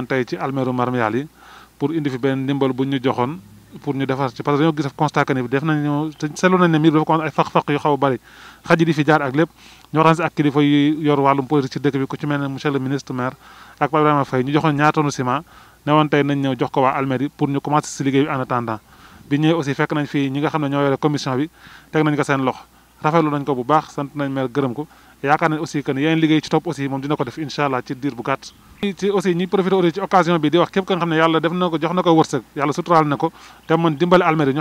ñëwoon tey ci almeeru marmiyaal yi pour indi fi benn ndimbal bu ñu joxoon pour ñu defar ci parce que dañoo gis constat que ni yu xaw a bëri di fi jaar ak lépp ñu waxtaan si ak kilifa yu yor wàllum politique ci dëkk bi ku ci mel ne ministre maire ak Pape Ibrahima ñu joxoon ñaari tonnes ciment nañ ñëw jox ko waa almeer pour ñu commencer si liggéey bi en attendant bi ñëwee aussi fekk nañ fi ñi nga xam ne ñoo yore commission bi teg nañ ko seen loxo rafetlu nañ ko bu baax sant nañ maire gërëm ko yaakaar nañ aussi que ni yeneen liggéey ci topp aussi moom dina ko def incha allah ci diir bu gàtt ci aussi ñi profité aussi ci occasion bi di wax képp ka xam ne yàlla def na ko jox na ko wërsëg yàlla suturaal na ko te man dimbale Almadies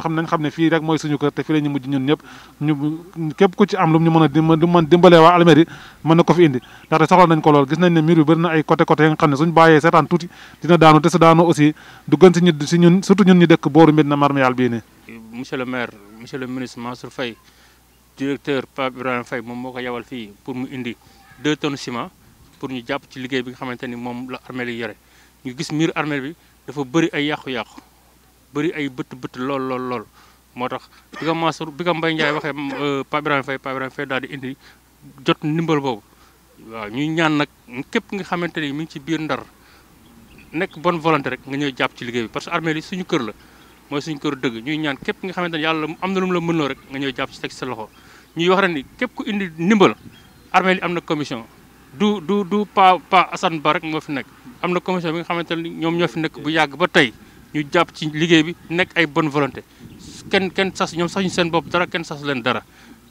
mën a di mën dimbalee waa Almadies mën na ko fi indi ndaxte soxla nañ ko lool gis nañ ne mur bi bëri na ay côté côté yi nga xam ne suñ bàyyee seetaan tuuti dina daanu te su daanu aussi du gën ñu directeur Pape Ibrahim Faye mom moko yawal fi pour mu indi 2 tonnes ciment pour ñu japp ci liguey bi nga xamanteni mom la armée li yoré ñu gis mur armée bi dafa bëri ay yaqku yaqku bëri ay bëtt bëtt lol lol lol motax bi nga masour bi mbay ndjay waxe euh, Pape Ibrahim Faye Pape Ibrahim Faye daal di indi jot nimbal bobu wa ñu ñaan nak kep nga xamanteni mi ci biir ndar nek bonne volonté rek nga ñëw japp ci liguey bi parce que armée li suñu kër la moy suñu kër deug ñuy ñaan képp nga xamanteni yalla am na lu mu la mënoo rek nga ñëw japp ci tek sa loxo ñuy wax rek ni képp ku indi ndimbal armée li am na commission du du du paa pa Assane Ba rek moo fi nekk am na commission bi nga xamante ne ñoom ñoo fi nekk bu yàgg ba tey ñu jàpp ci liggéey bi nekk ay bonne volonté kenn kenn sas ñoom ñu seen bopp dara kenn sas leen dara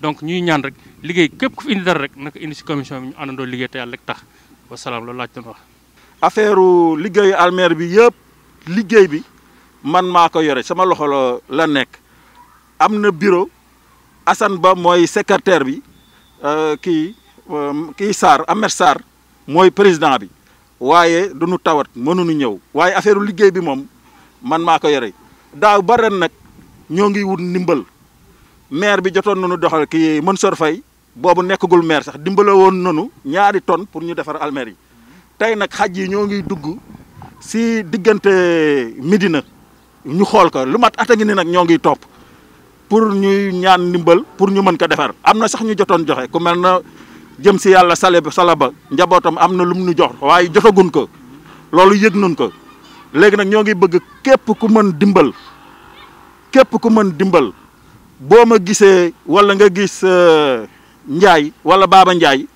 donc ñuy ñaan rek liggéey képp ku fi indi dara rek naka indi si commission bi ñu àndandoo liggéey te yàlla rek tax wasalaam loolu laaj doon wax affaire liggéeyu armée bi yëpp liggéey bi man maa ko yore sama loxo la nekk am na asan Ba moy secrétaire bi euh, ki euh, ki sar Amer sar moy président bi waaye du nu tawat ñu ñëw waaye affaireu liggéey bi mom man mako yéré daaw ba ren ngi wut ndimbal maire bi jotton nañu doxal kii Mansour Fay bobu nekkul maire sax dimbale won nañu ñaari pour ñu almeri yi nak haji xaj ngi dugg si digënté Medina ñu xol ko lu mat atangi ni nak ngi pour ñuy ñaan ndimbal pour ñu mën ko defar amna na sax ñu jotone joxe ku melna na jëm si yàlla sale salaba njabootam am lum ñu jox waye jotagun ko lolu yegg ko légui nak ñogi bëgg képp ku mën dimbal képp ku mën dimbal boma ma gisee wala nga gis euh, njaay wala baba njaay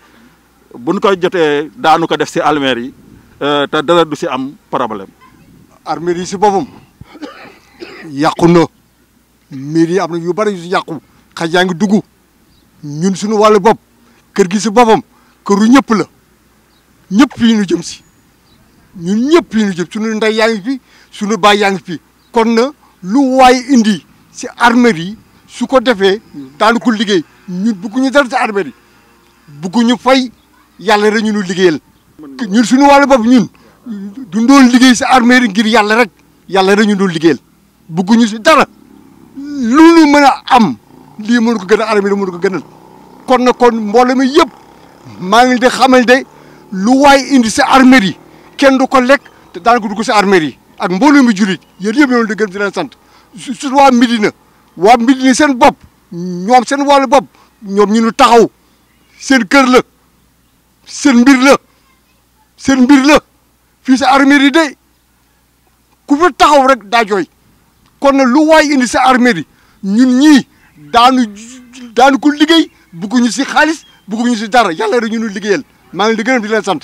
buñ ko jotee daanu ko def ci almeer yi euh, ta dara du si am problème armerie ci si boppam mairie yi am na yu bëri yu si yàqu xaj yaa dugg ñun suñu wàllu bopp kër gi si boppam këru ñëpp la ñëpp yi ñu jëm si ñun ñëpp yi ñu jëm suñu ndey yaa ngi fi suñu baay yaa ngi fi kon na lu waay indi si armeri yi su ko defee daanu ko liggéey ñun bëgguñu dara si armeri yi bëgguñu fay yàlla rek ñu nu liggéeyal ñun suñu wàllu bopp ñun du doon liggéey si armeri ngir yàlla rek yàlla rek ñu doon liggéeyal bëgguñu si dara lu nu mën a am lii mënu ko gën a armée mënu ko gënal kon na kon mbooloo mi yëpp maa ngi di xamal de lu waay indi sa armée yi kenn du ko lekk te daanaka dugg sa armée yi ak mbooloo mi jullit yéen yëpp ñoo di gën di leen sant su waa Médina waa Médina seen bopp ñoom seen wàllu bopp ñoom ñu taxaw seen kër la seen mbir la seen la fii sa armée yi de ku fa taxaw rek daa jooy kon na lu waay indi sa armée ñun ñii daanu daanu ko liggéey bugguñu si xaalis bugguñu si dara yàlla rek ñu nu liggéeyal maa ngi di gërëm di leen sant